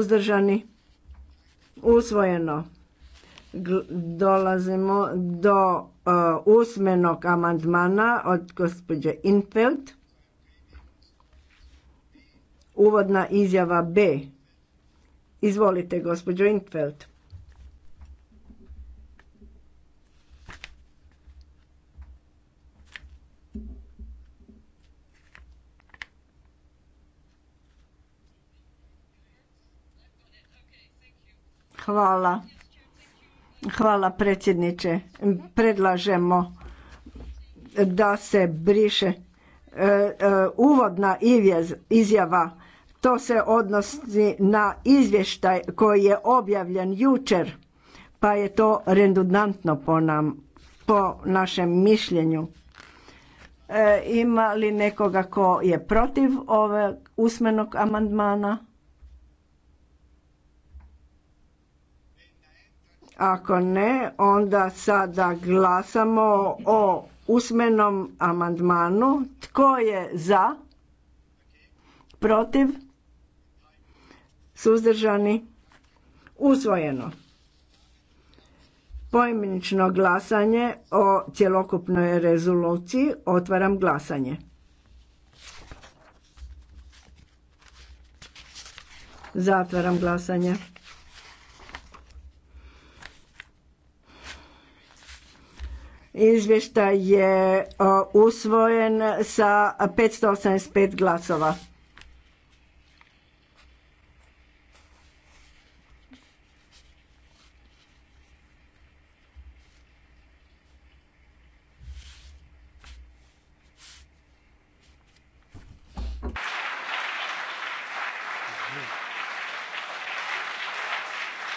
Uzdržani. Usvojeno. Dolazimo do e, usmenog amandmana od gospođe Infeld. Uvodna izjava B. Izvolite, gospođo Infeld. Hvala. Hvala predsjedniče. Predlažemo da se briše e, e, uvodna izjava. To se odnosi na izvještaj koji je objavljen jučer, pa je to redundantno po, nam, po našem mišljenju. E, ima li nekoga ko je protiv ovog usmenog amandmana? Ako ne, onda sada glasamo o usmenom amandmanu. Tko je za? Protiv? Suzdržani? Usvojeno. Pojminično glasanje o cjelokupnoj rezoluciji. Otvaram glasanje. Zatvaram glasanje. Izvještaj je usvojen sa 585 glasova.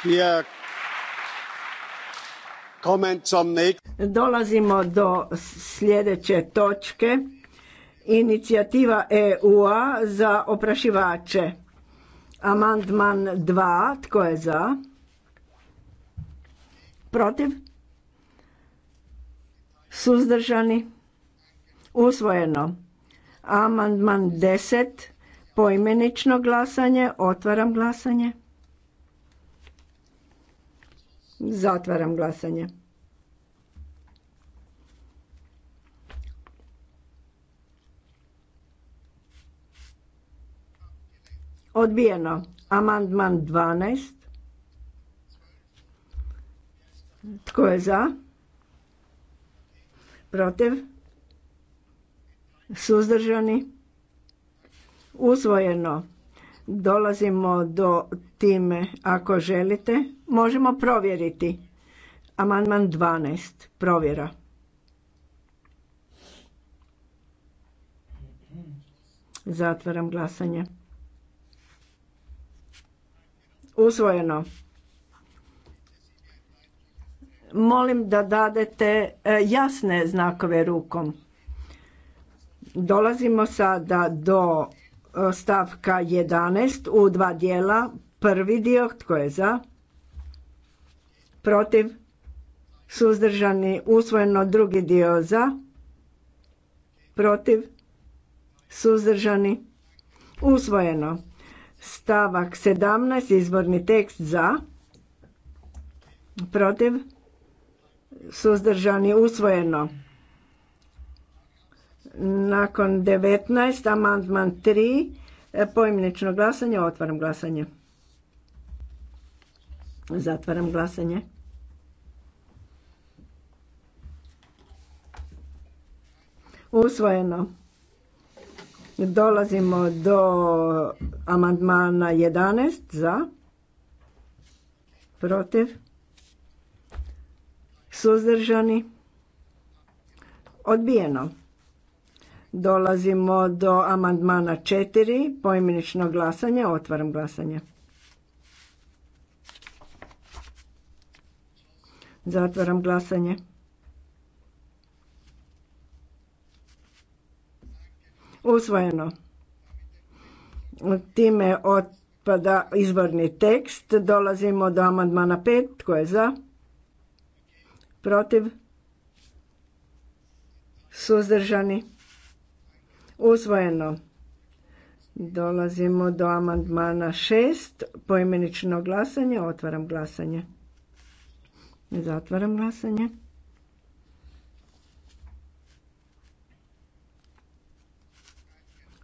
Wir kommen zum nächsten Dolazimo do sljedeće točke. Inicijativa EU-a za oprašivače. Amandman 2. Tko je za? Protiv? Suzdržani? Usvojeno. Amandman 10. Poimenično glasanje. Otvaram glasanje. Zatvaram glasanje. Odbijeno. Amandman 12. Tko je za? Protiv? Suzdržani? Usvojeno. Dolazimo do time ako želite. Možemo provjeriti. Amandman 12. Provjera. Zatvaram glasanje usvojeno. Molim da dadete e, jasne znakove rukom. Dolazimo sada do e, stavka 11 u dva dijela. Prvi dio, tko je za? Protiv? Suzdržani? Usvojeno drugi dio za? Protiv? Suzdržani? Usvojeno stavak 17 izborni tekst za protiv suzdržani usvojeno nakon 19 amandman 3 poimenično glasanje otvaram glasanje zatvaram glasanje usvojeno Dolazimo do amandmana 11 za, protiv, suzdržani, odbijeno. Dolazimo do amandmana 4, poimenično glasanje, otvaram glasanje. Zatvaram glasanje. usvojeno. Time otpada izborni tekst. Dolazimo do amandmana 5. Tko je za? Protiv? Suzdržani? Usvojeno. Dolazimo do amandmana 6. Poimenično glasanje. Otvaram glasanje. Zatvaram glasanje.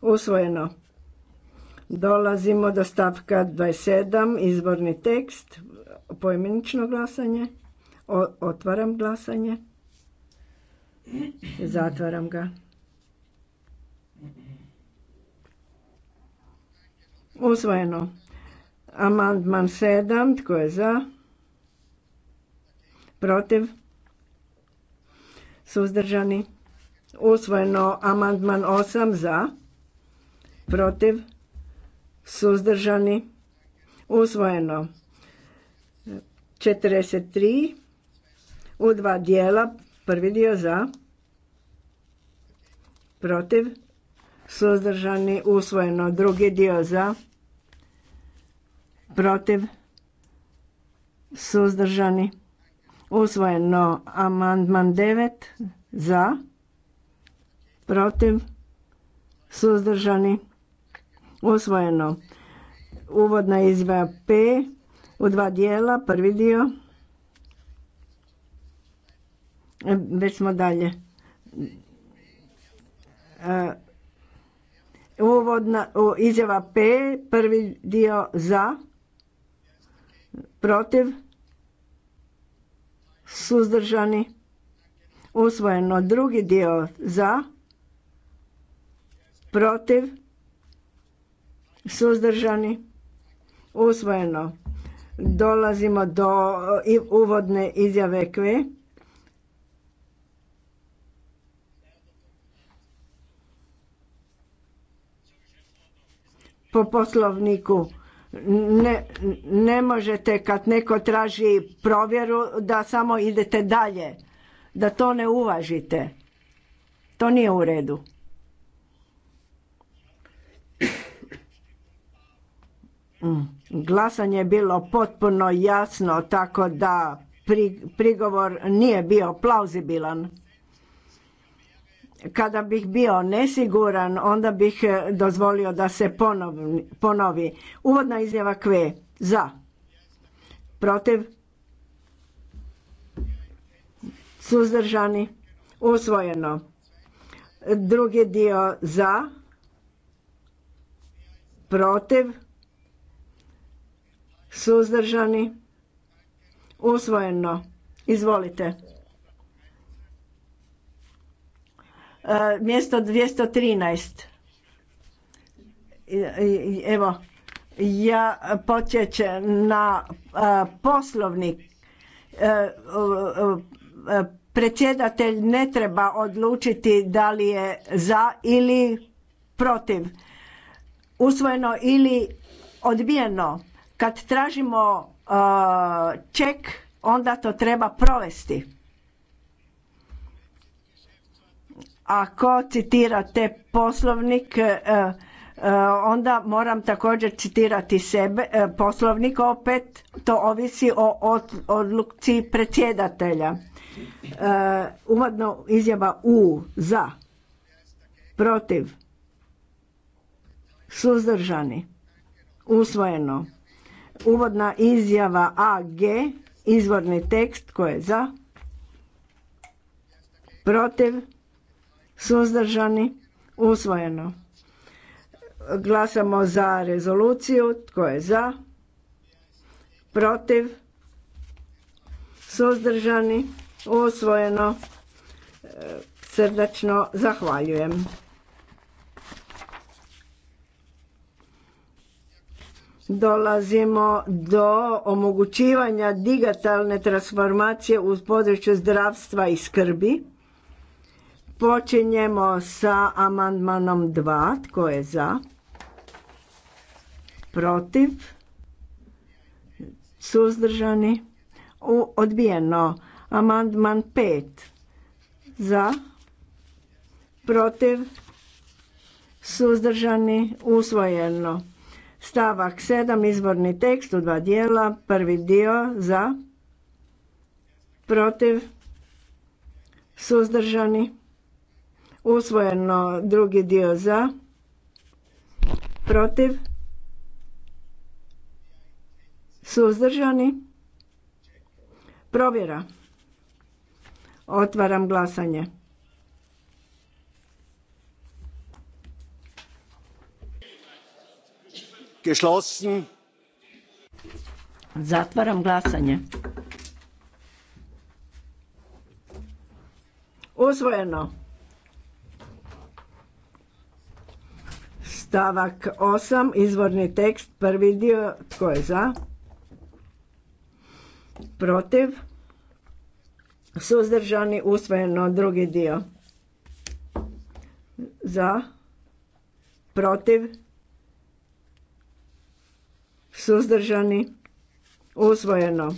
usvojeno. Dolazimo do stavka 27, izborni tekst, pojmenično glasanje. otvaram glasanje. Zatvaram ga. Usvojeno. Amandman 7, tko je za? Protiv? Suzdržani? Usvojeno. Amandman 8, za? protiv, suzdržani, usvojeno. 43 u dva dijela, prvi dio za, protiv, suzdržani, usvojeno. Drugi dio za, protiv, suzdržani, usvojeno. Amandman 9 za, protiv, suzdržani, Usvojeno. Uvodna izjava P u dva dijela, prvi dio. E, već smo dalje. E, uvodna izjava P, prvi dio za, protiv, suzdržani, usvojeno. Drugi dio za, protiv, suzdržani, usvojeno. Dolazimo do uvodne izjave kve. Po poslovniku ne, ne možete kad neko traži provjeru da samo idete dalje, da to ne uvažite. To nije u redu. Mm. Glasanje je bilo potpuno jasno, tako da prigovor nije bio plauzibilan. Kada bih bio nesiguran, onda bih eh, dozvolio da se ponovi. ponovi. Uvodna izjava kve. Za. Protiv. Suzdržani. Usvojeno. Drugi dio za. Protiv suzdržani, usvojeno. Izvolite. E, mjesto 213. Evo, ja počećem na e, poslovnik. E, predsjedatelj ne treba odlučiti da li je za ili protiv. Usvojeno ili odbijeno kad tražimo uh, ček, onda to treba provesti. Ako citirate poslovnik, uh, uh, onda moram također citirati sebe, poslovnik opet, to ovisi o odluci predsjedatelja. Uvodno izjava U za, protiv, suzdržani, usvojeno. Uvodna izjava AG, izvorni tekst koji je za, protiv, suzdržani, usvojeno. Glasamo za rezoluciju, tko je za, protiv, suzdržani, usvojeno. Srdačno zahvaljujem. dolazimo do omogućivanja digitalne transformacije u području zdravstva i skrbi. Počinjemo sa amandmanom 2. Tko je za? Protiv? Suzdržani? U, odbijeno. Amandman 5. Za? Protiv? Suzdržani? Usvojeno. Stavak 7, izvorni tekst u dva dijela, prvi dio za, protiv, suzdržani, usvojeno drugi dio za, protiv, suzdržani, provjera. Otvaram glasanje. geschlossen zatvaram glasanje usvojeno stavak osam. izvorni tekst prvi dio tko je za protiv suzdržani usvojeno drugi dio za protiv suzdržani, uzvojeno.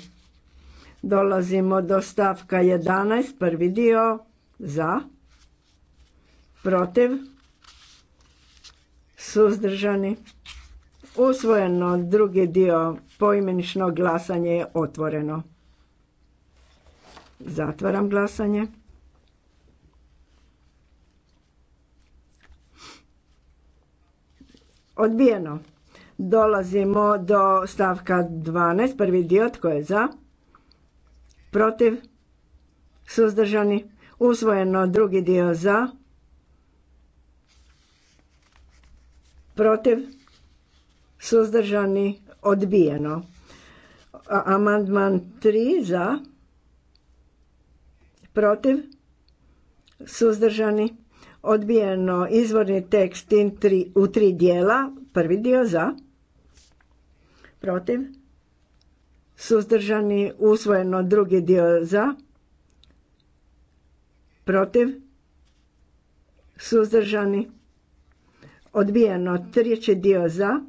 Dolazimo do stavka 11, prvi dio, za, protiv, suzdržani, usvojeno drugi dio poimenično glasanje je otvoreno. Zatvaram glasanje. Odbijeno. Dolazimo do stavka 12, prvi dio, tko je za? Protiv? Suzdržani? Usvojeno drugi dio za? Protiv? Suzdržani? Odbijeno. Amandman 3 za? Protiv? Suzdržani? Odbijeno izvorni tekst tri, u tri dijela. Prvi dio za? protiv, suzdržani, usvojeno drugi dio za, protiv, suzdržani, odbijeno treći dio za,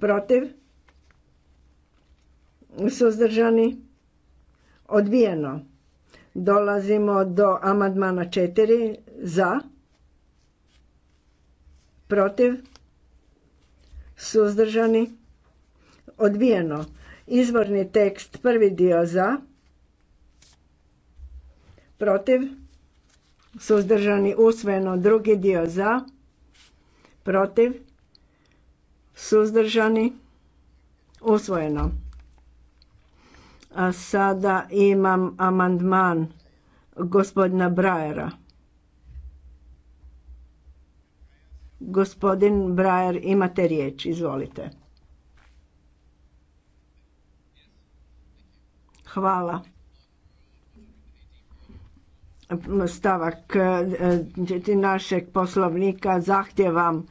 protiv, suzdržani, odbijeno. Dolazimo do amandmana 4 za, protiv, suzdržani, odbijeno. Izvorni tekst, prvi dio za, protiv, suzdržani, usvojeno, drugi dio za, protiv, suzdržani, usvojeno. A sada imam amandman gospodina Brajera. Gospodin Brajer, imate riječ, izvolite. Hvala. Stavak e, našeg poslovnika zahtjevam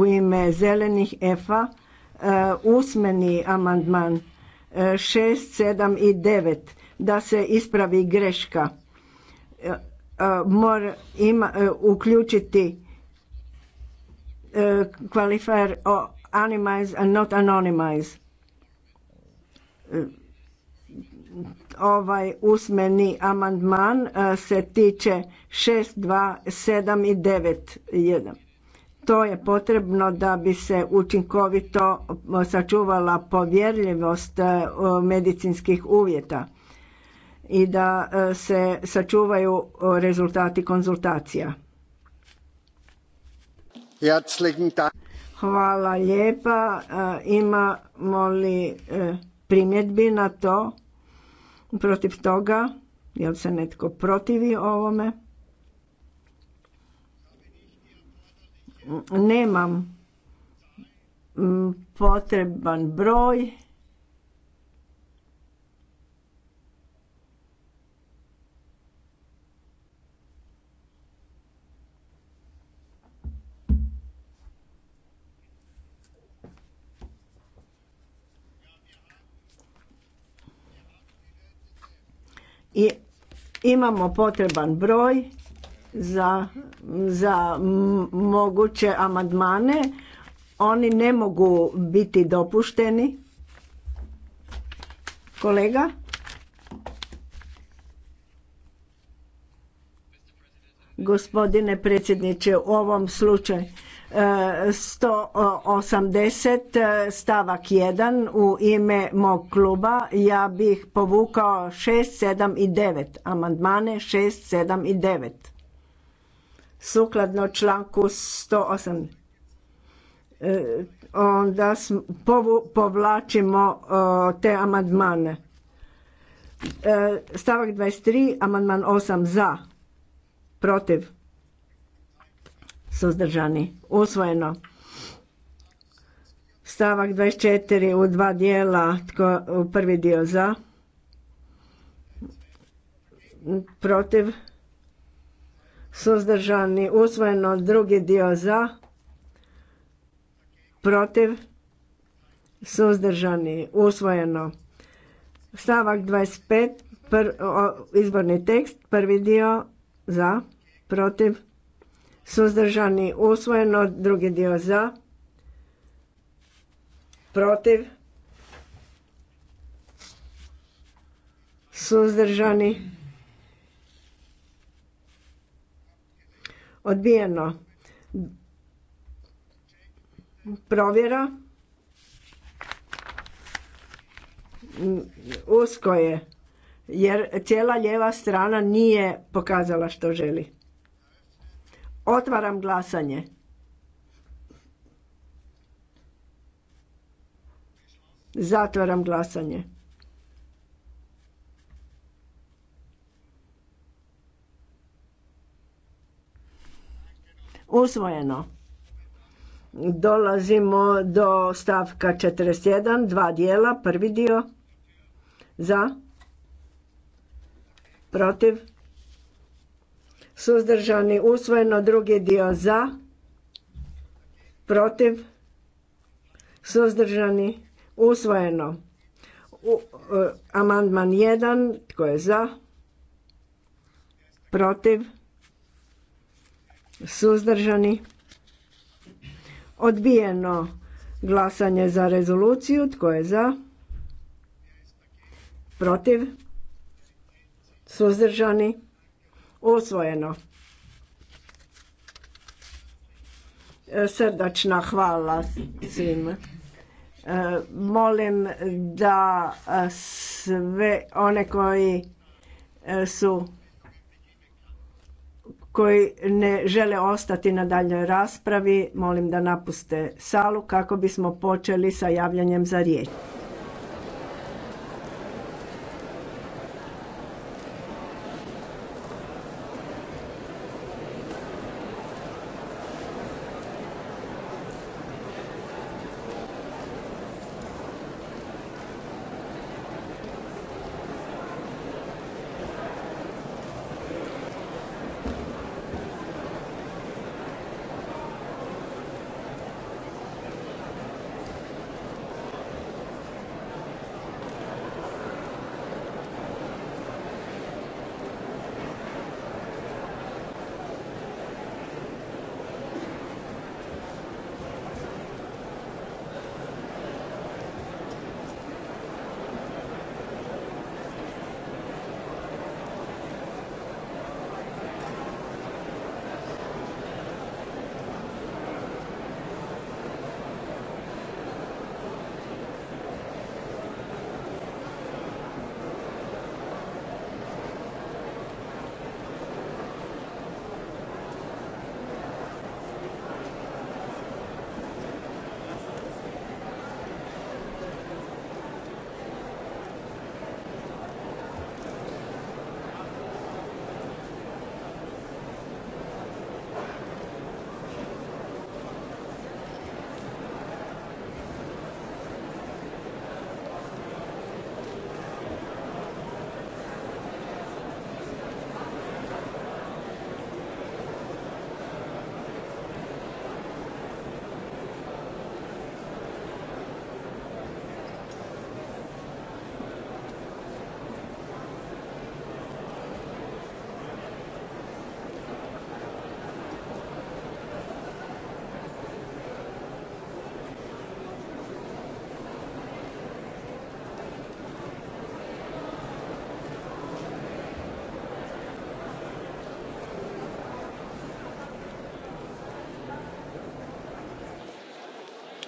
u ime zelenih EFA e, usmeni amandman 6, e, 7 i 9 da se ispravi greška. Mora ima, uključiti Uh, qualifier or anonymize and not anonymize. Uh, ovaj usmeni amandman uh, se tiče 6, 2, 7 i 9, 1. To je potrebno da bi se učinkovito sačuvala povjerljivost medicinskih uvjeta i da se sačuvaju rezultati konzultacija. Hvala lijepa. E, imamo li e, primjedbi na to? Protiv toga? Jel se netko protivi ovome? Nemam mm, potreban broj. imamo potreban broj za, moguće amandmane. Oni ne mogu biti dopušteni. Kolega? Gospodine predsjedniče, u ovom slučaju 180 stavak 1 u ime mog kluba ja bih povukao 6, 7 i 9 amandmane 6, 7 i 9 sukladno članku 108 e, onda povlačimo te amandmane e, stavak 23 amandman 8 za protiv suzdržani, usvojeno. Stavak 24 u dva dijela, tko u prvi dio za, protiv, suzdržani, usvojeno, drugi dio za, protiv, suzdržani, usvojeno. Stavak 25, izborni tekst, prvi dio za, protiv, suzdržani usvojeno drugi dio za protiv suzdržani odbijeno provjera usko je jer cijela lijeva strana nije pokazala što želi Otvaram glasanje. Zatvaram glasanje. Usvojeno. Dolazimo do stavka 41, dva dijela, prvi dio za, protiv, suzdržani usvojeno drugi dio za protiv suzdržani usvojeno e, amandman 1 tko je za protiv suzdržani odbijeno glasanje za rezoluciju tko je za protiv suzdržani Usvojeno. E, srdačna hvala svima. E, molim da e, sve one koji su koji ne žele ostati na daljnjoj raspravi, molim da napuste salu kako bismo počeli sa javljanjem za riječ.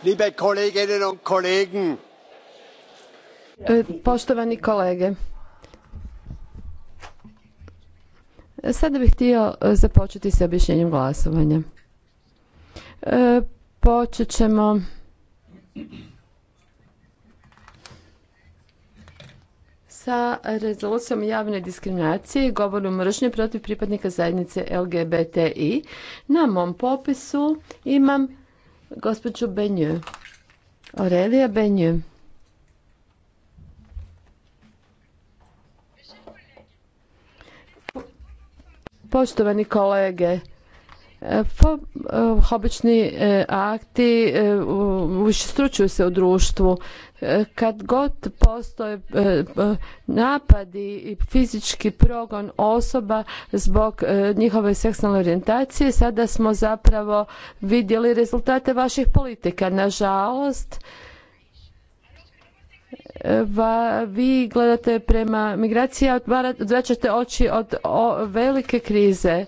liebe Kolleginnen und Kollegen. E, poštovani kolege, sada bih htio e, započeti s objašnjenjem glasovanja. E, počet ćemo sa rezolucijom javne diskriminacije i govoru mržnje protiv pripadnika zajednice LGBTI. Na mom popisu imam gospođu Benju, Aurelija Benju, Poštovani kolege, e, obični e, akti e, stručuju se u društvu. E, kad god postoje e, e, napadi i fizički progon osoba zbog njihove seksualne orijentacije, sada smo zapravo vidjeli rezultate vaših politika. Nažalost, vi gledate prema migraciji, a odvraćate oči od velike krize.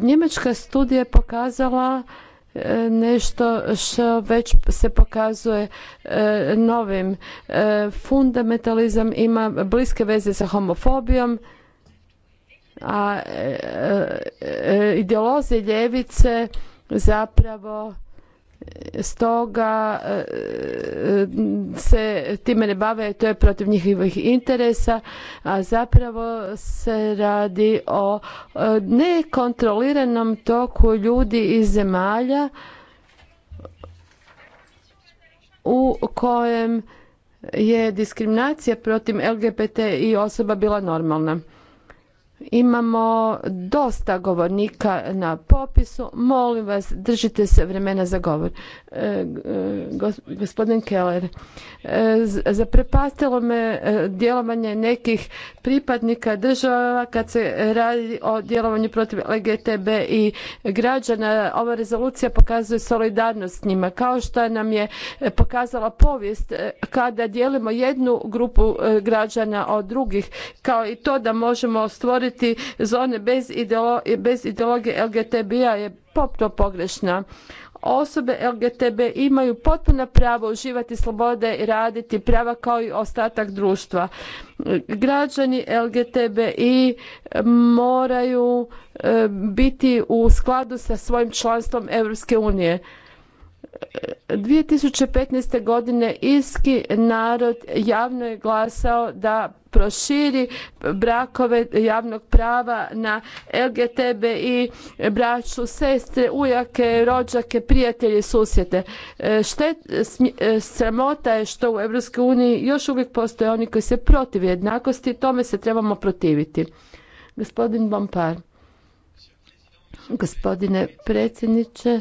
njemačka studija je pokazala nešto što već se pokazuje e, novim. E, fundamentalizam ima bliske veze sa homofobijom, a e, ideolozi ljevice zapravo stoga e, e, se time ne bave, to je protiv njihovih interesa, a zapravo se radi o e, nekontroliranom toku ljudi iz zemalja u kojem je diskriminacija protiv LGBT i osoba bila normalna. Imamo dosta govornika na popisu. Molim vas, držite se vremena za govor. E, gospodin Keller, e, zaprepastilo me e, djelovanje nekih pripadnika država kad se radi o djelovanju protiv LGTB i građana. Ova rezolucija pokazuje solidarnost s njima, kao što nam je pokazala povijest e, kada dijelimo jednu grupu građana od drugih, kao i to da možemo stvoriti zone bez, bez ideologije LGTB-a je popto pogrešna osobe LGTB imaju potpuno pravo uživati slobode i raditi prava kao i ostatak društva. Građani i moraju e, biti u skladu sa svojim članstvom Europske unije. 2015. godine iski narod javno je glasao da proširi brakove javnog prava na i braću, sestre, ujake, rođake, prijatelje, susjete. E, e, sramota je što u EU još uvijek postoje oni koji se protive jednakosti i tome se trebamo protiviti. Gospodin Bompar. Gospodine predsjedniče,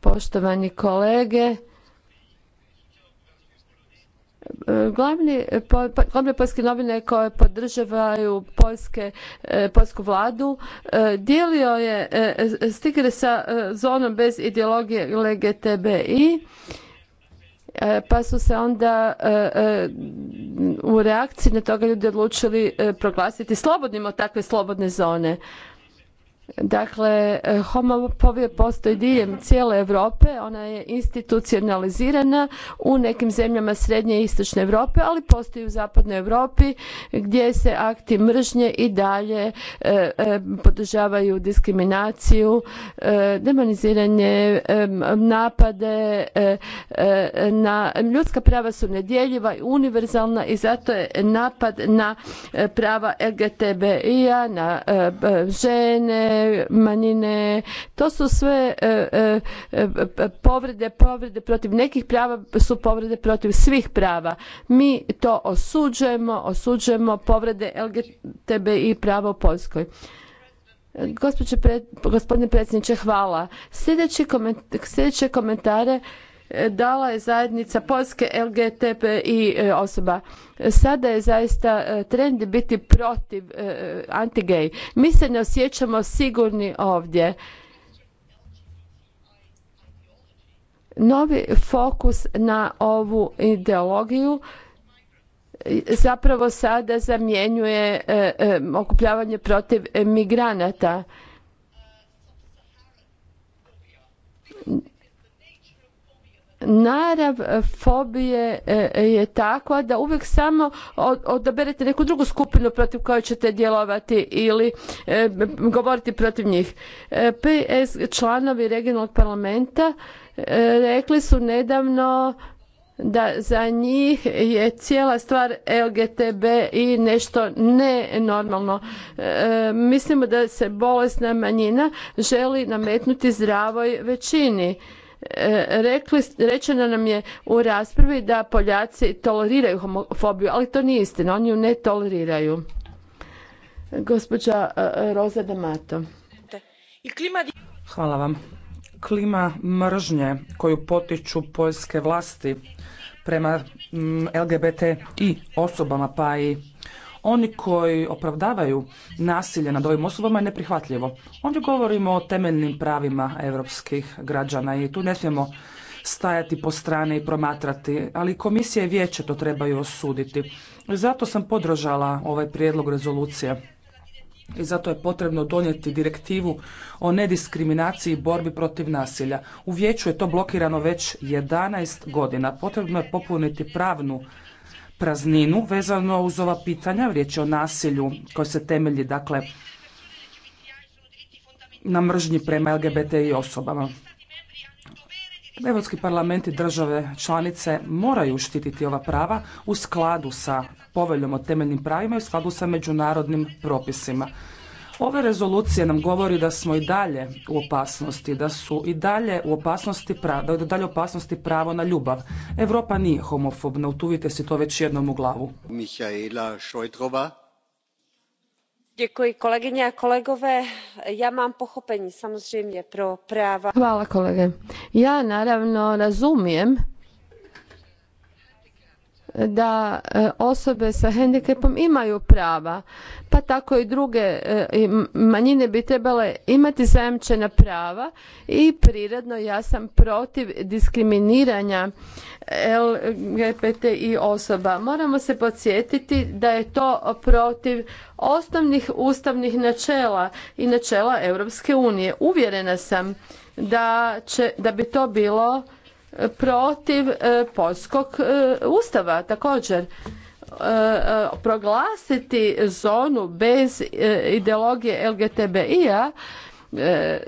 poštovani kolege, Glavni, glavne poljske novine koje podržavaju e, poljsku vladu e, dijelio je e, stikere sa zonom bez ideologije LGTBI pa su se onda u reakciji na toga ljudi odlučili proglasiti slobodnim od takve slobodne zone. Dakle, eh, homofobija postoji diljem cijele Europe, ona je institucionalizirana u nekim zemljama srednje i istočne Europe, ali postoji u zapadnoj Europi gdje se akti mržnje i dalje eh, eh, podržavaju diskriminaciju, demoniziranje, napade na ljudska prava su nedjeljiva i univerzalna i zato je napad na prava LGTBI-a, na žene, E, manjine. To su sve e, e, povrede, povrede protiv nekih prava su povrede protiv svih prava. Mi to osuđujemo, osuđujemo povrede i prava u Poljskoj. Gospodine predsjedniče, hvala. Sljedeće komentare dala je zajednica Poljske LGTB i e, osoba. Sada je zaista e, trend biti protiv e, anti-gay. Mi se ne osjećamo sigurni ovdje. Novi fokus na ovu ideologiju zapravo sada zamjenjuje okupljavanje protiv migranata narav e, fobije e, e, je takva da uvijek samo odaberete neku drugu skupinu protiv koje ćete djelovati ili govoriti protiv njih. PS članovi regionalnog parlamenta rekli su nedavno da za njih je cijela stvar LGTB i nešto nenormalno. E, mislimo da se bolesna manjina želi nametnuti zdravoj većini. E, rekli, rečeno nam je u raspravi da Poljaci toleriraju homofobiju, ali to nije istina, oni ju ne toleriraju. Gospođa e, Roza D'Amato. Hvala vam. Klima mržnje koju potiču poljske vlasti prema mm, LGBT i osobama pa i oni koji opravdavaju nasilje nad ovim osobama je neprihvatljivo. Ovdje govorimo o temeljnim pravima europskih građana i tu ne smijemo stajati po strane i promatrati, ali komisija i vijeće to trebaju osuditi. Zato sam podržala ovaj prijedlog rezolucije i zato je potrebno donijeti direktivu o nediskriminaciji i borbi protiv nasilja. U vijeću je to blokirano već 11 godina. Potrebno je popuniti pravnu prazninu vezano uz ova pitanja. Riječ je o nasilju koje se temelji dakle na mržnji prema i osobama. Europski parlament i države članice moraju štititi ova prava u skladu sa poveljom o temeljnim pravima i u skladu sa međunarodnim propisima. Ove rezolucije nam govori da smo i dalje u opasnosti, da su i dalje u opasnosti da je dalje opasnosti pravo na ljubav. Europa nije homofobna, utuvite si to već jednom u glavu. Mihaela Šojtrova. Děkuji kolegyně a kolegové. Ja mám pochopení samozřejmě pro práva. Hvala kolege. Ja naravno razumijem da e, osobe sa hendikepom imaju prava, pa tako i druge e, manjine bi trebale imati zajamčena prava i prirodno ja sam protiv diskriminiranja i osoba. Moramo se podsjetiti da je to protiv osnovnih ustavnih načela i načela Europske unije. Uvjerena sam da, će, da bi to bilo protiv e, poljskog e, ustava također e, proglasiti zonu bez ideologije LGTBI-a E,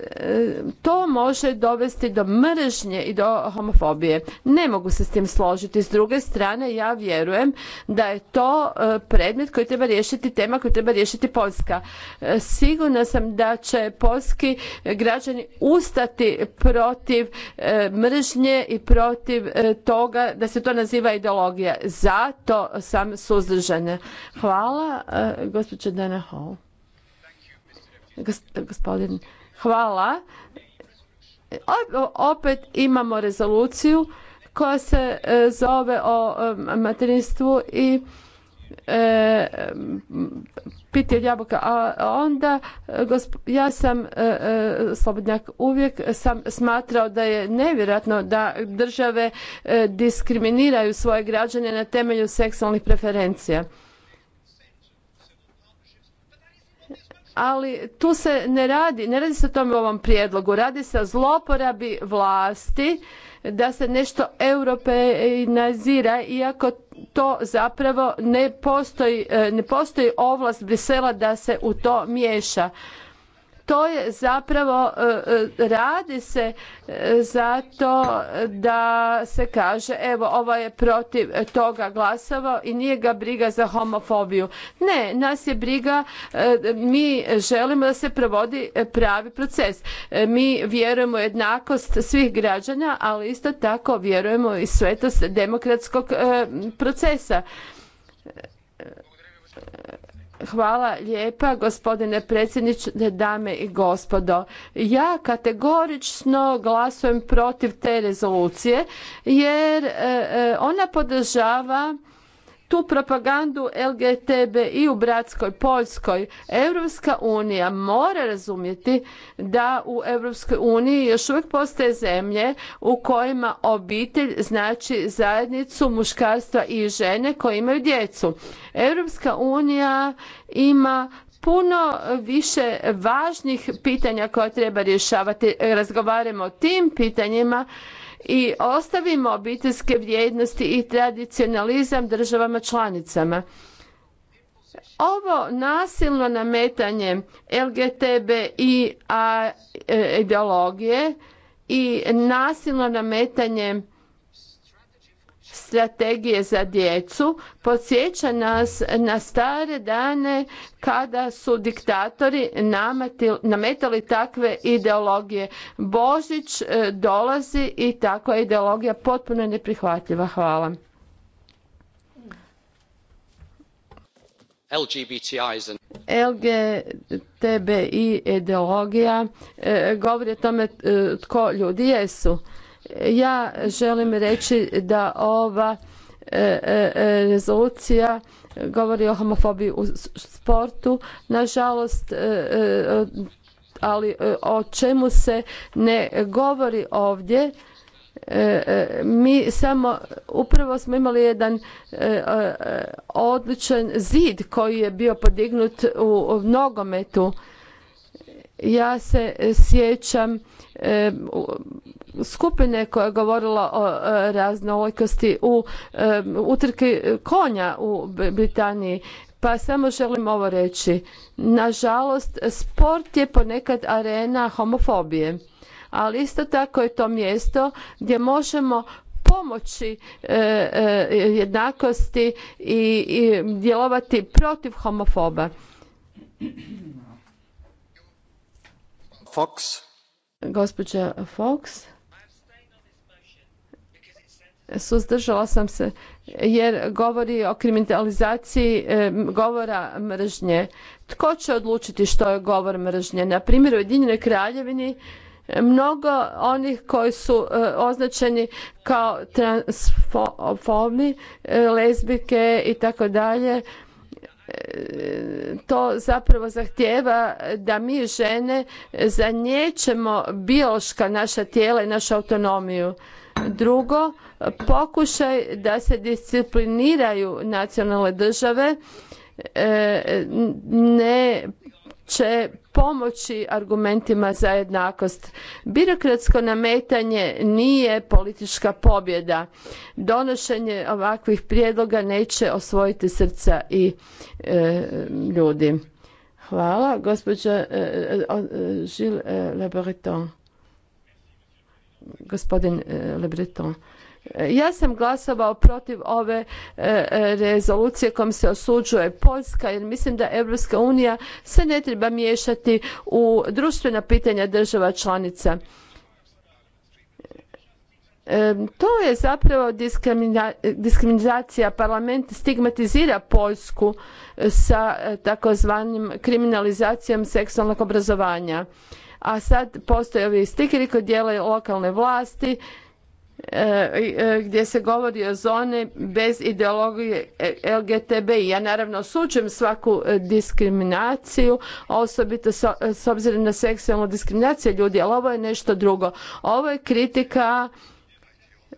to može dovesti do mržnje i do homofobije. Ne mogu se s tim složiti. S druge strane, ja vjerujem da je to e, predmet koji treba riješiti, tema koju treba riješiti Poljska. E, sigurna sam da će polski građani ustati protiv mržnje i protiv toga da se to naziva ideologija. Zato sam suzdržana. Hvala, gospođa Dana Hall. Gospodin, hvala. Opet imamo rezoluciju koja se e, zove o e, materinstvu i e, piti od jabuka. A onda e, ja sam slobodnjak uvijek sam smatrao da je nevjerojatno da države diskriminiraju svoje građane na temelju seksualnih preferencija. ali tu se ne radi, ne radi se o tome u ovom prijedlogu, radi se o zloporabi vlasti da se nešto europeinazira iako to zapravo ne postoji, e, ne postoji ovlast Brisela da se u to miješa. To je zapravo, e, e, radi se e, zato da se kaže evo ovo je protiv toga glasovao i nije ga briga za homofobiju. Ne, nas je briga, mi želimo da se provodi pravi proces. Mi vjerujemo jednakost svih građana, ali isto tako vjerujemo i svetost demokratskog procesa. Hvala lijepa gospodine predsjedniče, dame i gospodo. Ja kategorično glasujem protiv te rezolucije jer e, e, ona podržava tu propagandu i u bratskoj Poljskoj. Europska unija mora razumjeti da u Europskoj uniji još uvijek postoje zemlje u kojima obitelj znači zajednicu muškarstva i žene koje imaju djecu. Europska unija ima puno više važnih pitanja koja treba rješavati. Razgovaramo o tim pitanjima i ostavimo obiteljske vrijednosti i tradicionalizam državama članicama. Ovo nasilno nametanje LGTB i e, ideologije i nasilno nametanje strategije za djecu podsjeća nas na stare dane kada su diktatori nametali takve ideologije. Božić e, dolazi i takva ideologija potpuno je neprihvatljiva. Hvala. LGTBI ideologija e, govori o tome e, tko ljudi jesu. Ja želim reći da ova e, e, e, rezolucija govori o homofobiji u sportu. Nažalost, ali o čemu se ne govori ovdje, mi samo upravo smo imali jedan odličan zid koji je bio podignut u nogometu ja se e, sjećam e, skupine koja je govorila o e, raznolikosti u utrki konja u Britaniji. Pa samo želim ovo reći. Nažalost, sport je ponekad arena homofobije. Ali isto tako je to mjesto gdje možemo pomoći jednakosti i djelovati protiv homofoba Fox. Gospođa Fox. Suzdržala sam se jer govori o kriminalizaciji govora mržnje. Tko će odlučiti što je govor mržnje? Na primjer u Jedinjenoj kraljevini mnogo onih koji su e, označeni kao transfobni, e, lezbike i tako dalje to zapravo zahtjeva da mi žene zanjećemo biološka naša tijela i našu autonomiju. Drugo, pokušaj da se discipliniraju nacionalne države e, ne će pomoći argumentima za jednakost. Birokratsko nametanje nije politička pobjeda. Donošenje ovakvih prijedloga neće osvojiti srca i e, ljudi. Hvala. Gospođa e, Gilles e, e, Gospodin Lebreton. Ja sam glasovao protiv ove e, e, rezolucije kojom se osuđuje Poljska jer mislim da Europska unija se ne treba miješati u društvena pitanja država članica. E, to je zapravo diskriminacija. Parlament stigmatizira Poljsku sa takozvanim kriminalizacijom seksualnog obrazovanja. A sad postoje ovi stikeri koji dijele lokalne vlasti gdje se govori o zoni bez ideologije LGTBI. Ja naravno osuđujem svaku e, diskriminaciju, osobito s obzirom na seksualnu diskriminaciju ljudi, ali ovo je nešto drugo. Ovo je kritika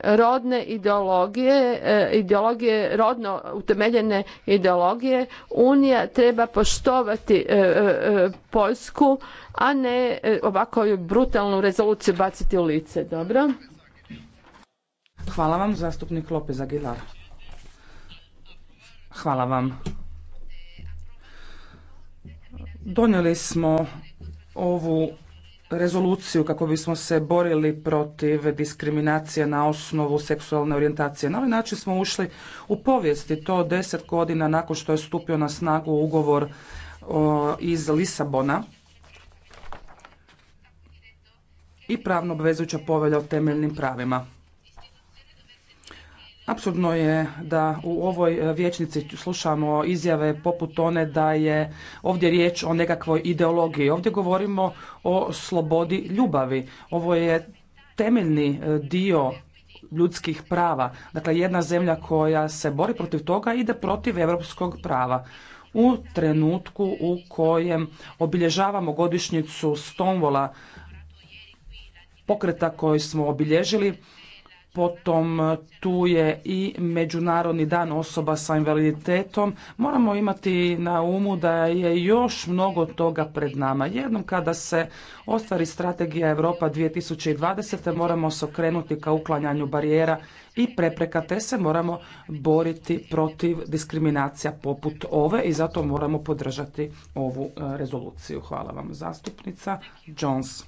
rodne ideologije, e, ideologije rodno utemeljene ideologije. Unija treba poštovati e, Poljsku, a ne ovako brutalnu rezoluciju baciti u lice. Dobro? Hvala vam, zastupnik Lopez Aguilar. Hvala vam. Donijeli smo ovu rezoluciju kako bismo se borili protiv diskriminacije na osnovu seksualne orijentacije. Na ovaj način smo ušli u povijesti to deset godina nakon što je stupio na snagu ugovor iz Lisabona i pravno obvezujuća povelja o temeljnim pravima. Apsurdno je da u ovoj e, vječnici slušamo izjave poput one da je ovdje riječ o nekakvoj ideologiji. Ovdje govorimo o slobodi ljubavi. Ovo je temeljni e, dio ljudskih prava. Dakle, jedna zemlja koja se bori protiv toga ide protiv europskog prava. U trenutku u kojem obilježavamo godišnjicu Stonvola, pokreta koji smo obilježili, Potom e, tu je i Međunarodni dan osoba sa invaliditetom. Moramo imati na umu da je još mnogo toga pred nama. Jednom kada se ostvari strategija Europa 2020. moramo se okrenuti ka uklanjanju barijera i prepreka te se moramo boriti protiv diskriminacija poput ove i zato moramo podržati ovu e, rezoluciju. Hvala vam zastupnica Jones.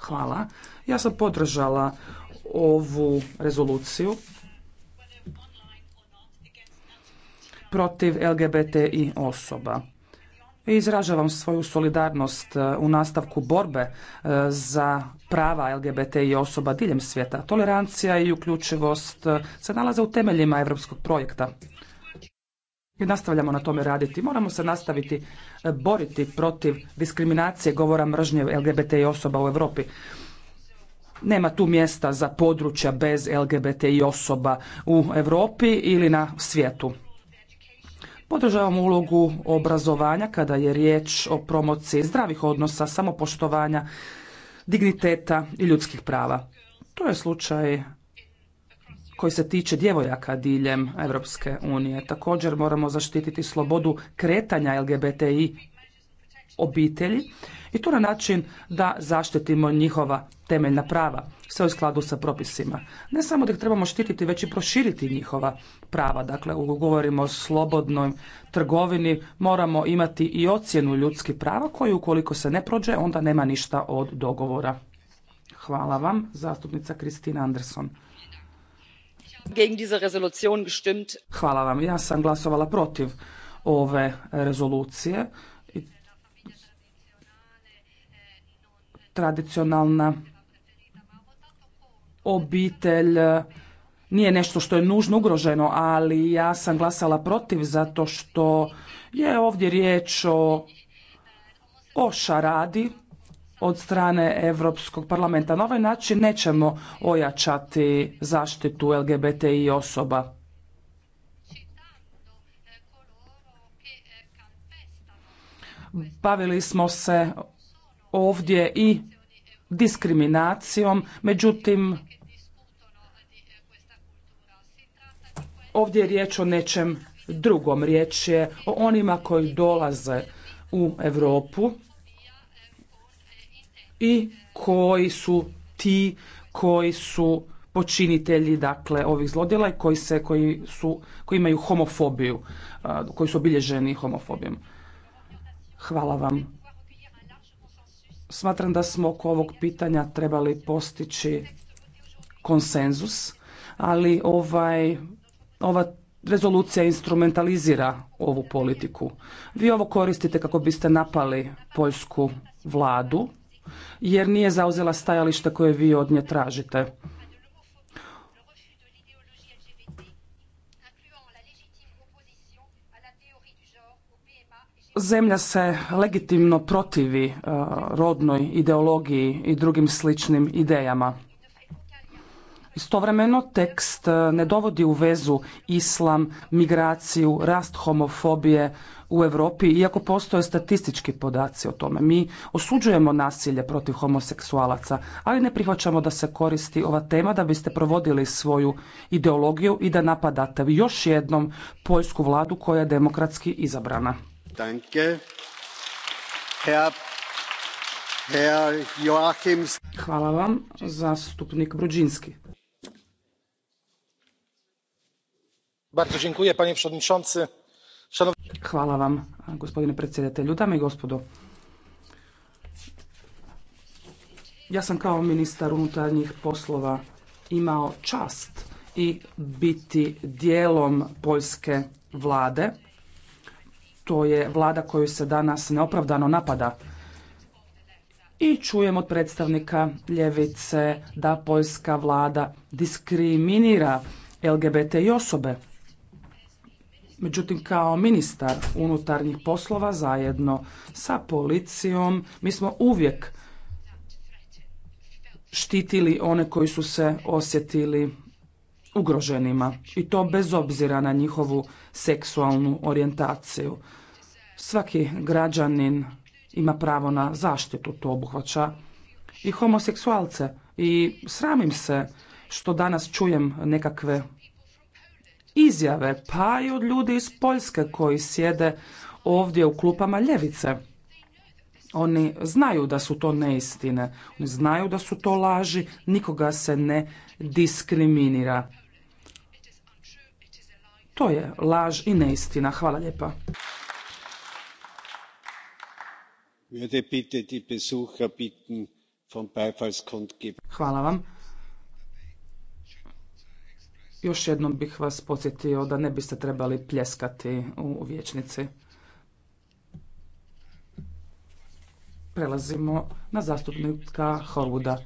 Hvala. Ja sam podržala ovu rezoluciju protiv LGBT i osoba. I izražavam svoju solidarnost e, u nastavku borbe e, za prava LGBT i osoba diljem svijeta. Tolerancija i uključivost e, se nalaze u temeljima europskog projekta. I nastavljamo na tome raditi. Moramo se nastaviti boriti protiv diskriminacije govora mržnje i osoba u Europi. Nema tu mjesta za područja bez LGBTI osoba u Europi ili na svijetu. Podržavamo ulogu obrazovanja kada je riječ o promociji zdravih odnosa, samopoštovanja, digniteta i ljudskih prava. To je slučaj koji se tiče djevojaka diljem Europske unije. Također moramo zaštititi slobodu kretanja LGBTI obitelji i to na način da zaštitimo njihova temeljna prava, sve u skladu sa propisima. Ne samo da ih trebamo štititi, već i proširiti njihova prava. Dakle, govorimo o slobodnoj trgovini, moramo imati i ocjenu ljudskih prava koji, ukoliko se ne prođe, onda nema ništa od dogovora. Hvala vam, zastupnica Kristina Anderson. Hvala vam, ja sam glasovala protiv ove rezolucije tradicionalna obitelj nije nešto što je nužno ugroženo, ali ja sam glasala protiv zato što je ovdje riječ o, o šaradi od strane Europskog parlamenta. Na ovaj način nećemo ojačati zaštitu LGBTI osoba. Bavili smo se ovdje i diskriminacijom, međutim ovdje je riječ o nečem drugom, riječ je o onima koji dolaze u Europu i koji su ti koji su počinitelji dakle ovih zlodjela i koji se koji su koji imaju homofobiju, koji su obilježeni homofobijom. Hvala vam smatram da smo oko ovog pitanja trebali postići konsenzus, ali ovaj, ova rezolucija instrumentalizira ovu politiku. Vi ovo koristite kako biste napali poljsku vladu, jer nije zauzela stajalište koje vi od nje tražite. zemlja se legitimno protivi e, rodnoj ideologiji i drugim sličnim idejama. Istovremeno tekst e, ne dovodi u vezu islam, migraciju, rast homofobije u Europi, iako postoje statistički podaci o tome. Mi osuđujemo nasilje protiv homoseksualaca, ali ne prihvaćamo da se koristi ova tema da biste provodili svoju ideologiju i da napadate još jednom poljsku vladu koja je demokratski izabrana. Danke. Herr, Herr Joachim... Hvala vam. Zastupnik Bruđinski. Bardzo dziękuję, panie przewodniczący. Szanow... Hvala vam, gospodine predsjedatelju. Dame i gospodo, ja sam kao ministar unutarnjih poslova imao čast i biti dijelom poljske vlade to je vlada koju se danas neopravdano napada. I čujem od predstavnika ljevice da poljska vlada diskriminira LGBT i osobe. Međutim, kao ministar unutarnjih poslova zajedno sa policijom, mi smo uvijek štitili one koji su se osjetili ugroženima i to bez obzira na njihovu seksualnu orijentaciju. Svaki građanin ima pravo na zaštitu, to obuhvaća i homoseksualce. I sramim se što danas čujem nekakve izjave, pa i od ljudi iz Poljske koji sjede ovdje u klupama ljevice. Oni znaju da su to neistine, oni znaju da su to laži, nikoga se ne diskriminira. To je laž i neistina. Hvala lijepa. Hvala vam. Još jednom bih vas podsjetio da ne biste trebali pljeskati u vijećnici. Prelazimo na zastupnika Horvuda.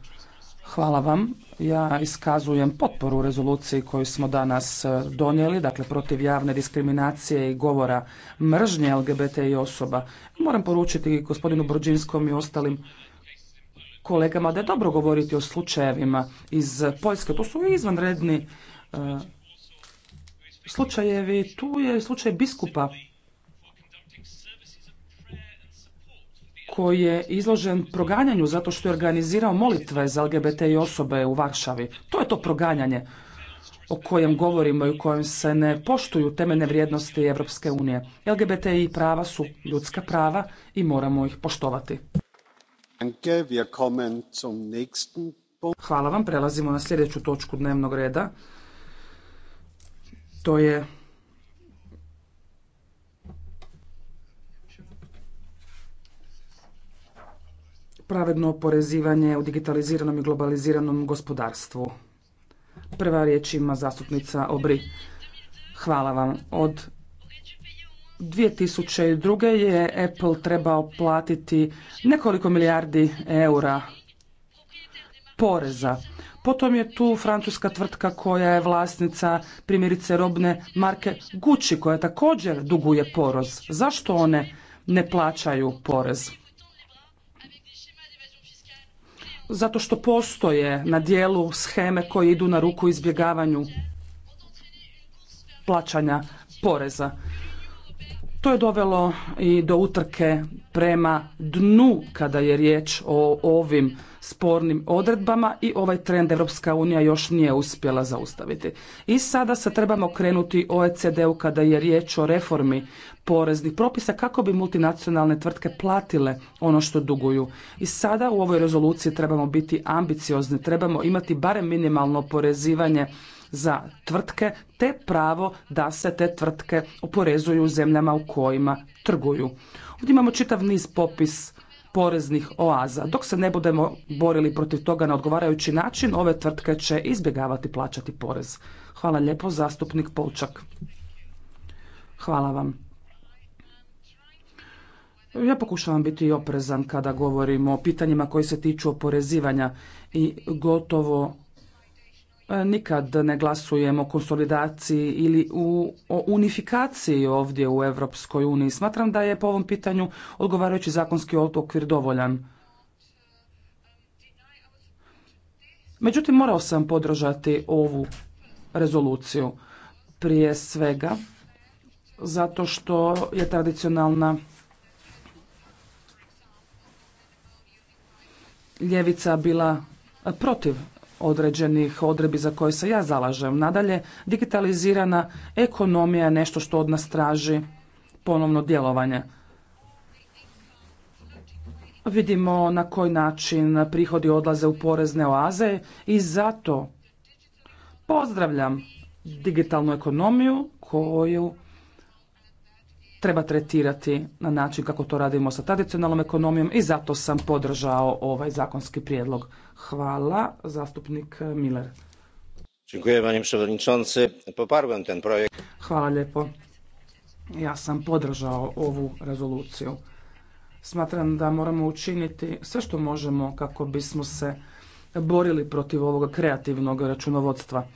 Hvala vam. Ja iskazujem potporu rezoluciji koju smo danas e, donijeli, dakle protiv javne diskriminacije i govora mržnje LGBT i osoba. Moram poručiti gospodinu Brođinskom i ostalim kolegama da je dobro govoriti o slučajevima iz Poljske. To su izvanredni e, slučajevi. Tu je slučaj biskupa koji je izložen proganjanju zato što je organizirao molitve za LGBT i osobe u Varšavi. To je to proganjanje o kojem govorimo i u kojem se ne poštuju temeljne vrijednosti Evropske unije. i prava su ljudska prava i moramo ih poštovati. Hvala vam, prelazimo na sljedeću točku dnevnog reda. To je pravedno oporezivanje u digitaliziranom i globaliziranom gospodarstvu. Prva riječ ima zastupnica Obri. Hvala vam. Od 2002. je Apple trebao platiti nekoliko milijardi eura poreza. Potom je tu francuska tvrtka koja je vlasnica primjerice robne marke Gucci koja također duguje poroz. Zašto one ne plaćaju porez? zato što postoje na dijelu sheme koje idu na ruku izbjegavanju plaćanja poreza. To je dovelo i do utrke prema dnu kada je riječ o ovim spornim odredbama i ovaj trend Europska unija još nije uspjela zaustaviti. I sada se trebamo krenuti OECD-u kada je riječ o reformi poreznih propisa kako bi multinacionalne tvrtke platile ono što duguju. I sada u ovoj rezoluciji trebamo biti ambiciozni, trebamo imati barem minimalno porezivanje za tvrtke te pravo da se te tvrtke oporezuju u zemljama u kojima trguju. Ovdje imamo čitav niz popis poreznih oaza. Dok se ne budemo borili protiv toga na odgovarajući način, ove tvrtke će izbjegavati plaćati porez. Hvala lijepo, zastupnik Polčak. Hvala vam. Ja pokušavam biti oprezan kada govorimo o pitanjima koji se tiču oporezivanja i gotovo e, nikad ne glasujemo o konsolidaciji ili o unifikaciji ovdje u Europskoj uniji. Smatram da je po ovom pitanju odgovarajući zakonski okvir dovoljan. Međutim, morao sam podržati ovu rezoluciju prije svega zato što je tradicionalna ljevica bila protiv određenih odredbi za koje se ja zalažem. Nadalje, digitalizirana ekonomija je nešto što od nas traži ponovno djelovanje. Vidimo na koji način prihodi odlaze u porezne oaze i zato pozdravljam digitalnu ekonomiju koju treba tretirati na način kako to radimo sa tradicionalnom ekonomijom i zato sam podržao ovaj zakonski prijedlog. Hvala, zastupnik Miller. Hvala lijepo. Ja sam podržao ovu rezoluciju. Smatram da moramo učiniti sve što možemo kako bismo se borili protiv ovoga kreativnog računovodstva.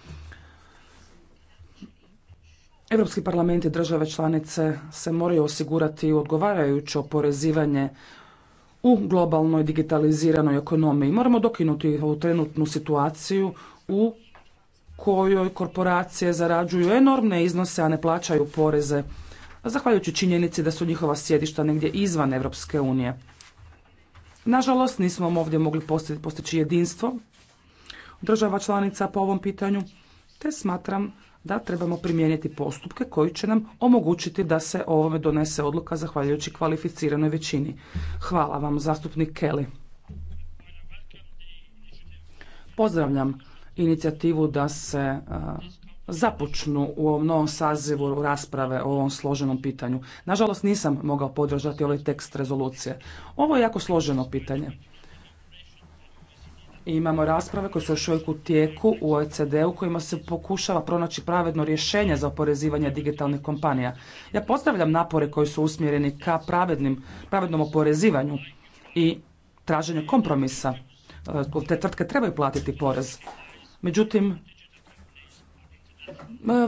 Europski parlament i države članice se moraju osigurati odgovarajuće oporezivanje u globalnoj digitaliziranoj ekonomiji. Moramo dokinuti ovu trenutnu situaciju u kojoj korporacije zarađuju enormne iznose, a ne plaćaju poreze, zahvaljujući činjenici da su njihova sjedišta negdje izvan Europske unije. Nažalost, nismo ovdje mogli postići jedinstvo država članica po ovom pitanju, te smatram da trebamo primijeniti postupke koji će nam omogućiti da se o ovome donese odluka zahvaljujući kvalificiranoj većini. Hvala vam, zastupnik Kelly. Pozdravljam inicijativu da se započnu u ovom novom sazivu rasprave o ovom složenom pitanju. Nažalost nisam mogao podržati ovaj tekst rezolucije. Ovo je jako složeno pitanje imamo rasprave koje su još uvijek u tijeku u OECD-u kojima se pokušava pronaći pravedno rješenje za oporezivanje digitalnih kompanija. Ja pozdravljam napore koji su usmjereni ka pravednom oporezivanju i traženju kompromisa. E, te tvrtke trebaju platiti porez. Međutim,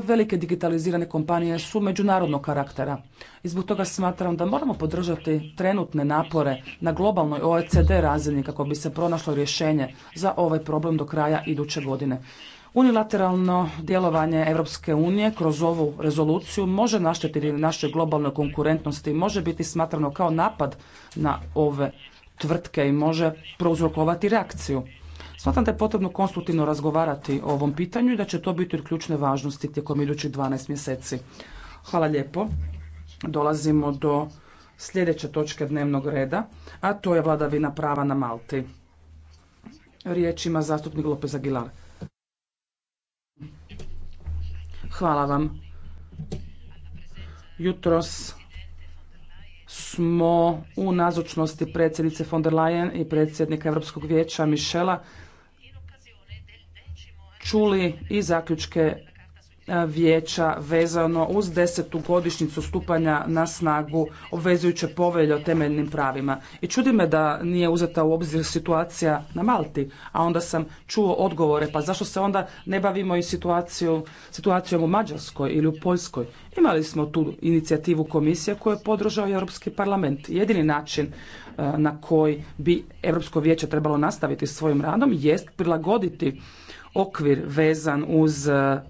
Velike digitalizirane kompanije su međunarodnog karaktera i zbog toga smatram da moramo podržati trenutne napore na globalnoj OECD razini kako bi se pronašlo rješenje za ovaj problem do kraja iduće godine. Unilateralno djelovanje Europske unije kroz ovu rezoluciju može naštetiti našoj globalnoj konkurentnosti, može biti smatrano kao napad na ove tvrtke i može prouzrokovati reakciju. Smatram da je potrebno konstruktivno razgovarati o ovom pitanju i da će to biti od ključne važnosti tijekom idućih 12 mjeseci. Hvala lijepo. Dolazimo do sljedeće točke dnevnog reda, a to je vladavina prava na Malti. Riječ ima zastupnik Lopez Aguilar. Hvala vam. Jutros smo u nazočnosti predsjednice von der Leyen i predsjednika Europskog vijeća Michela čuli i zaključke e, vijeća vezano uz desetu godišnjicu stupanja na snagu obvezujuće povelje o temeljnim pravima. I čudi me da nije uzeta u obzir situacija na Malti, a onda sam čuo odgovore, pa zašto se onda ne bavimo i situaciju, situacijom u Mađarskoj ili u Poljskoj. Imali smo tu inicijativu komisije koju je podržao Europski parlament. Jedini način e, na koji bi Europsko vijeće trebalo nastaviti svojim radom jest prilagoditi okvir vezan uz e,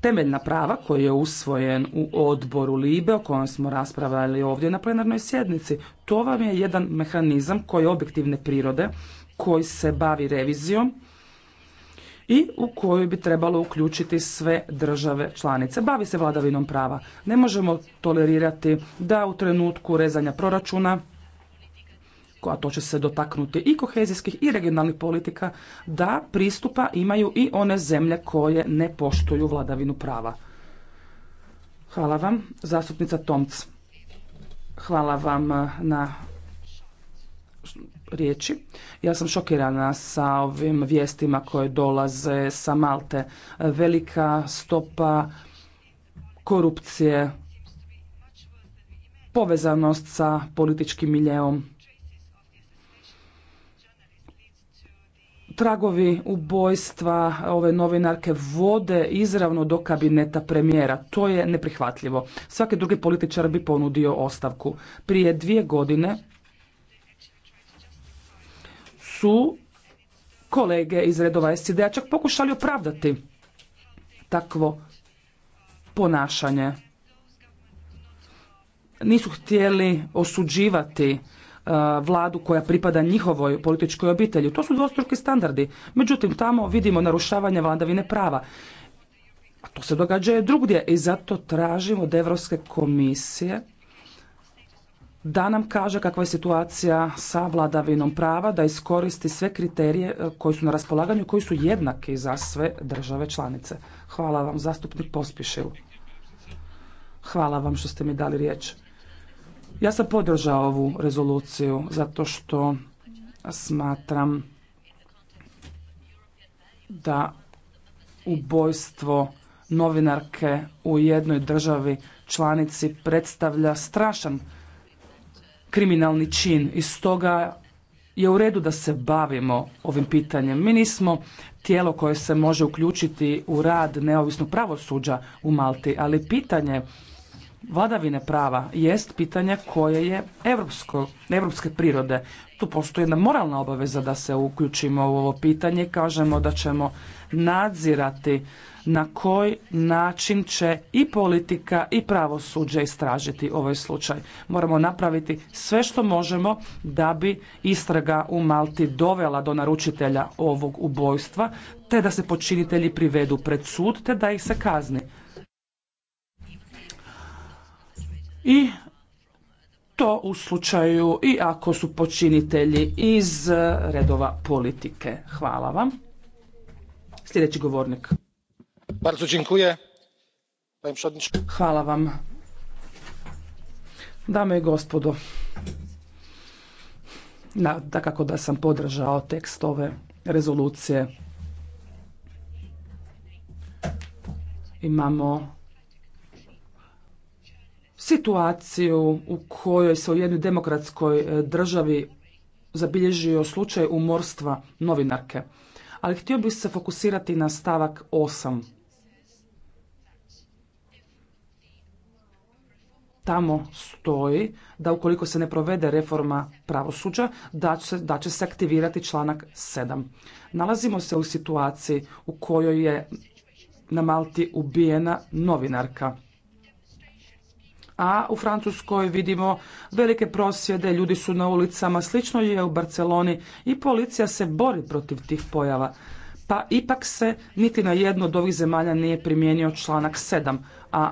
temeljna prava koji je usvojen u odboru Libe o kojem smo raspravljali ovdje na plenarnoj sjednici. To vam je jedan mehanizam koji je objektivne prirode, koji se bavi revizijom i u koju bi trebalo uključiti sve države članice. Bavi se vladavinom prava. Ne možemo tolerirati da u trenutku rezanja proračuna a to će se dotaknuti i kohezijskih i regionalnih politika, da pristupa imaju i one zemlje koje ne poštuju vladavinu prava. Hvala vam, zastupnica Tomc. Hvala vam eh, na riječi. Ja sam šokirana sa ovim vijestima koje dolaze sa Malte. Velika stopa korupcije, povezanost sa političkim miljeom. Tragovi ubojstva ove novinarke vode izravno do kabineta premijera. To je neprihvatljivo. Svaki drugi političar bi ponudio ostavku. Prije dvije godine su kolege iz redova scd čak pokušali opravdati takvo ponašanje. Nisu htjeli osuđivati E, vladu koja pripada njihovoj političkoj obitelji. To su dvostruki standardi. Međutim, tamo vidimo narušavanje vladavine prava. A to se događa i drugdje i zato tražimo od Evropske komisije da nam kaže kakva je situacija sa vladavinom prava, da iskoristi sve kriterije e, koji su na raspolaganju, koji su jednaki za sve države članice. Hvala vam, zastupnik Pospišil. Hvala vam što ste mi dali riječ. Ja sam podržao ovu rezoluciju zato što smatram da ubojstvo novinarke u jednoj državi članici predstavlja strašan kriminalni čin i stoga je u redu da se bavimo ovim pitanjem. Mi nismo tijelo koje se može uključiti u rad neovisnog pravosuđa u Malti, ali pitanje Vladavine prava jest pitanje koje je evropsko, evropske prirode. Tu postoji jedna moralna obaveza da se uključimo u ovo pitanje. Kažemo da ćemo nadzirati na koji način će i politika i pravosuđe istražiti ovaj slučaj. Moramo napraviti sve što možemo da bi istraga u Malti dovela do naručitelja ovog ubojstva, te da se počinitelji privedu pred sud, te da ih se kazni. i to u slučaju i ako su počinitelji iz redova politike. Hvala vam. Sljedeći govornik. Hvala vam. Dame i gospodo, na, kako da sam podržao tekst ove rezolucije. Imamo situaciju u kojoj se u jednoj demokratskoj e, državi zabilježio slučaj umorstva novinarke. Ali htio bih se fokusirati na stavak 8. Tamo stoji da ukoliko se ne provede reforma pravosuđa, da će, da će se aktivirati članak 7. Nalazimo se u situaciji u kojoj je na Malti ubijena novinarka a u Francuskoj vidimo velike prosvjede, ljudi su na ulicama, slično je u Barceloni i policija se bori protiv tih pojava. Pa ipak se niti na jedno od ovih zemalja nije primijenio članak 7, a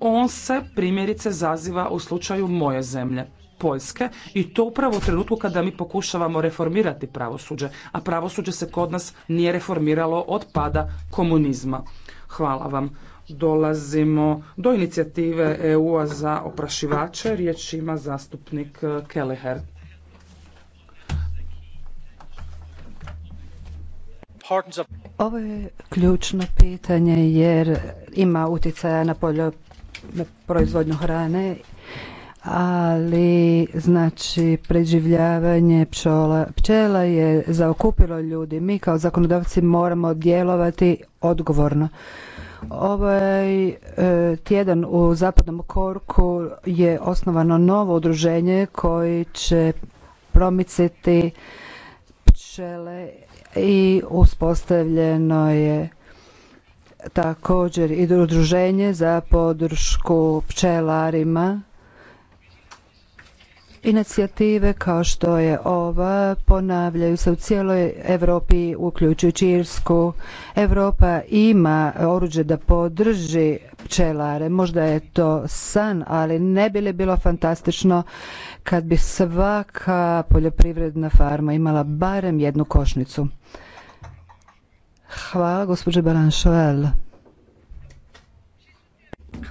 on se primjerice zaziva u slučaju moje zemlje. Poljske i to upravo u trenutku kada mi pokušavamo reformirati pravosuđe, a pravosuđe se kod nas nije reformiralo od pada komunizma. Hvala vam dolazimo do inicijative EU-a za oprašivače. Riječ ima zastupnik eh, Keleher. Ovo je ključno pitanje jer ima utjecaja na polje proizvodnju hrane ali znači preživljavanje pčola, pčela je zaokupilo ljudi. Mi kao zakonodavci moramo djelovati odgovorno. Ovaj e, tjedan u zapadnom korku je osnovano novo udruženje koji će promiciti pčele i uspostavljeno je također i udruženje za podršku pčelarima Inicijative kao što je ova ponavljaju se u cijeloj Europi uključujući Irsku. Europa ima oruđe da podrži pčelare. Možda je to san, ali ne bi li bilo fantastično kad bi svaka poljoprivredna farma imala barem jednu košnicu. Hvala gospođe Balanšoel.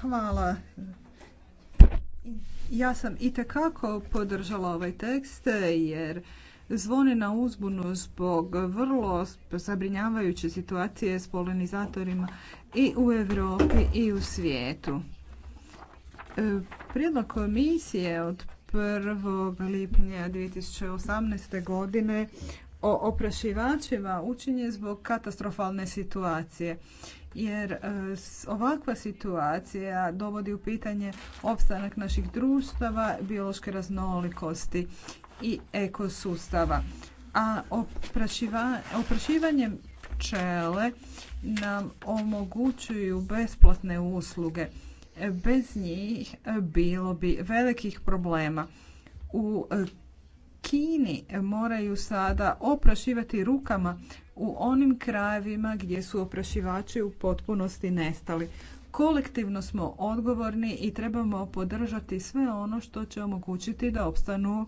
Hvala ja sam itekako podržala ovaj tekst jer zvoni na uzbunu zbog vrlo zabrinjavajuće situacije s polinizatorima i u Europi i u svijetu. E, prijedlog komisije od 1. lipnja 2018. godine o učinje zbog katastrofalne situacije jer e, ovakva situacija dovodi u pitanje opstanak naših društava, biološke raznolikosti i ekosustava. A oprašivanje oprašivanjem pčele nam omogućuju besplatne usluge. Bez njih bilo bi velikih problema. U Kini moraju sada oprašivati rukama u onim krajevima gdje su oprašivači u potpunosti nestali. Kolektivno smo odgovorni i trebamo podržati sve ono što će omogućiti da opstanu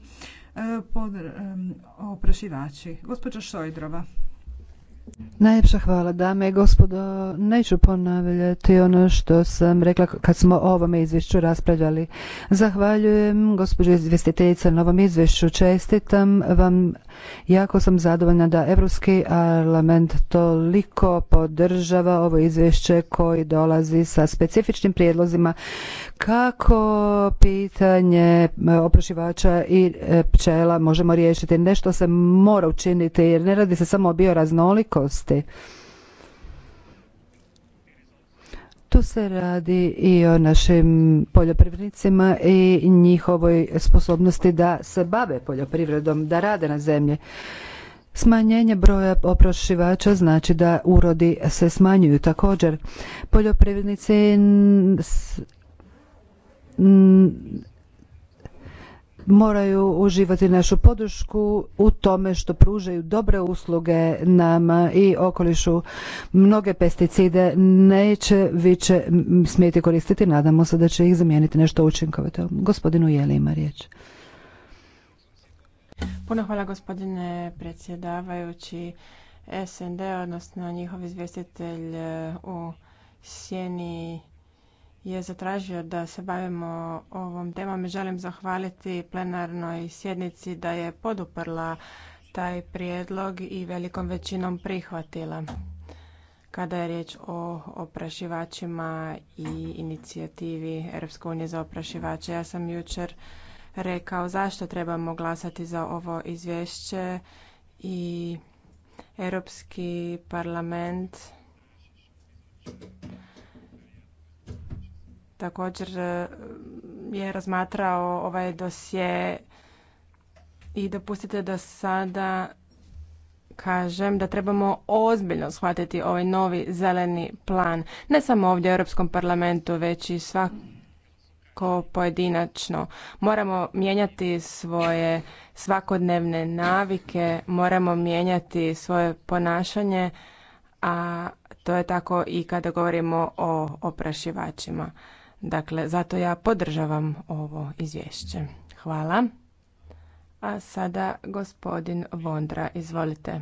eh, eh, oprašivači. Gospođa Šojdrova. Najljepša hvala dame i gospodo. Neću ponavljati ono što sam rekla kad smo o ovome izvješću raspravljali. Zahvaljujem gospođo izvjestiteljice na ovom izvješću. Čestitam vam. Jako sam zadovoljna da Europski parlament toliko podržava ovo izvješće koji dolazi sa specifičnim prijedlozima kako pitanje oprašivača i e, pčela možemo riješiti. Nešto se mora učiniti jer ne radi se samo o bioraznoliku kosti Tu se radi i o našim poljoprivrednicima i njihovoj sposobnosti da se bave poljoprivredom, da rade na zemlji. Smanjenje broja oprašivača znači da urodi se smanjuju također. Poljoprivrednici moraju uživati našu podršku u tome što pružaju dobre usluge nama i okolišu. Mnoge pesticide neće više smijeti koristiti, nadamo se da će ih zamijeniti nešto učinkovito. Gospodinu Jeli ima riječ. Puno hvala gospodine predsjedavajući SND, odnosno njihov izvjestitelj e, u Sjeni je zatražio da se bavimo ovom temom i želim zahvaliti plenarnoj sjednici da je poduprla taj prijedlog i velikom većinom prihvatila kada je riječ o oprašivačima i inicijativi Europske unije za oprašivače. Ja sam jučer rekao zašto trebamo glasati za ovo izvješće i Europski parlament također e, je razmatrao ovaj dosje i dopustite da sada kažem da trebamo ozbiljno shvatiti ovaj novi zeleni plan, ne samo ovdje u Europskom parlamentu, već i svako pojedinačno. Moramo mijenjati svoje svakodnevne navike, moramo mijenjati svoje ponašanje, a to je tako i kada govorimo o oprašivačima. Dakle, zato ja podržavam ovo izvješće. Hvala. A sada gospodin Vondra, izvolite.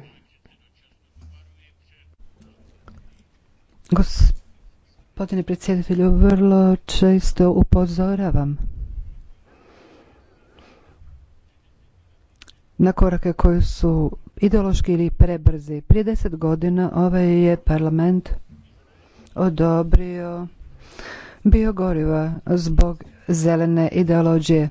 Gospodine predsjedatelju, vrlo često upozoravam na korake koji su ideološki ili prebrzi. Prije deset godina ovaj je parlament odobrio biogoriva zbog zelene ideologije.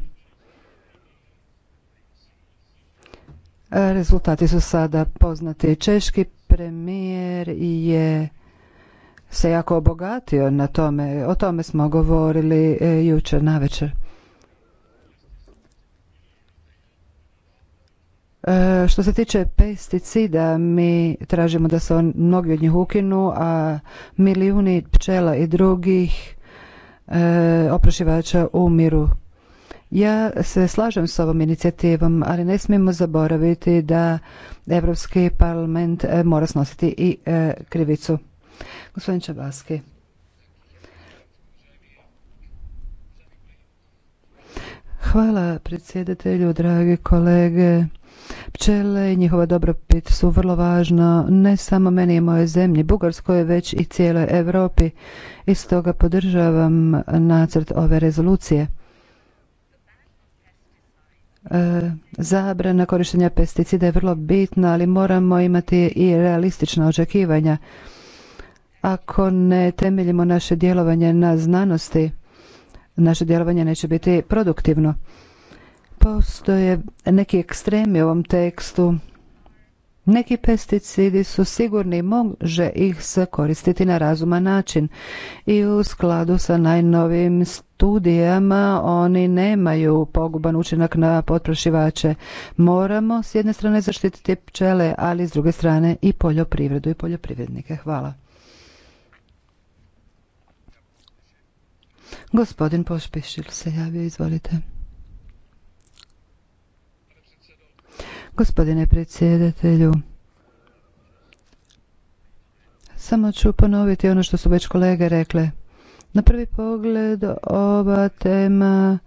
Rezultati su sada poznati. Češki premijer je se jako obogatio na tome. O tome smo govorili e, jučer navečer. E, što se tiče pesticida, mi tražimo da se on, mnogi od njih ukinu, a milijuni pčela i drugih E, oprašivača u miru. Ja se slažem s ovom inicijativom, ali ne smijemo zaboraviti da Europski parlament e, mora snositi i e, krivicu. Gospodin Čabaski. Hvala predsjedatelju, dragi kolege. Pčele i njihova dobrobit su vrlo važna ne samo meni i moje zemlji Bugarskoj, već i cijeloj Europi i stoga podržavam nacrt ove rezolucije. E, zabrana korištenja pesticida je vrlo bitna, ali moramo imati i realistična očekivanja. Ako ne temeljimo naše djelovanje na znanosti, naše djelovanje neće biti produktivno postoje neki ekstremi u ovom tekstu. Neki pesticidi su sigurni i može ih se koristiti na razuman način i u skladu sa najnovim studijama oni nemaju poguban učinak na potrošivače. Moramo s jedne strane zaštititi pčele, ali s druge strane i poljoprivredu i poljoprivrednike. Hvala. Gospodin Pošpišil se javio, izvolite. Gospodine predsjedatelju, samo ću ponoviti ono što su već kolege rekle. Na prvi pogled ova tema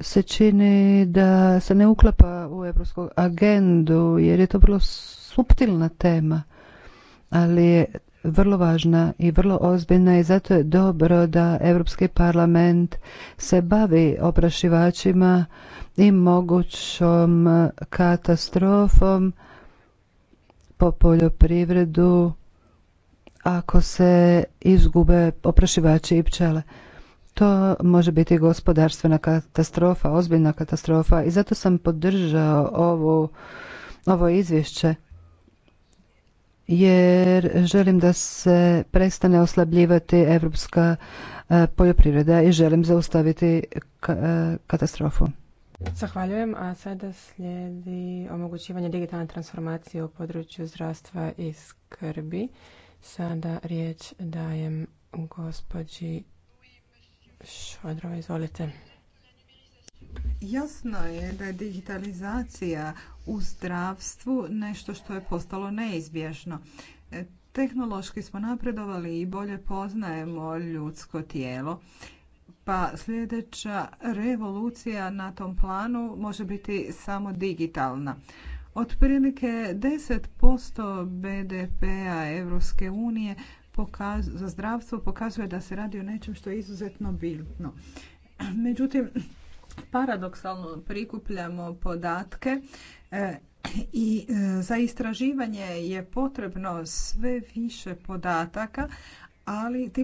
se čini da se ne uklapa u evropsku agendu jer je to vrlo suptilna tema ali je vrlo važna i vrlo ozbiljna i zato je dobro da Europski parlament se bavi oprašivačima i mogućom katastrofom po poljoprivredu ako se izgube oprašivači i pčele. To može biti gospodarstvena katastrofa, ozbiljna katastrofa i zato sam podržao ovu, ovo izvješće jer želim da se prestane oslabljivati evropska e, poljoprivreda i želim zaustaviti e, katastrofu. Zahvaljujem, a sada slijedi omogućivanje digitalne transformacije u području zdravstva i skrbi. Sada riječ dajem gospođi Šodrova, izvolite. Jasno je da je digitalizacija u zdravstvu nešto što je postalo neizbježno. E, tehnološki smo napredovali i bolje poznajemo ljudsko tijelo. Pa sljedeća revolucija na tom planu može biti samo digitalna. Otprilike 10% BDP-a Europske unije za zdravstvo pokazuje da se radi o nečem što je izuzetno bitno. Međutim, paradoksalno prikupljamo podatke e, i e, za istraživanje je potrebno sve više podataka, ali ti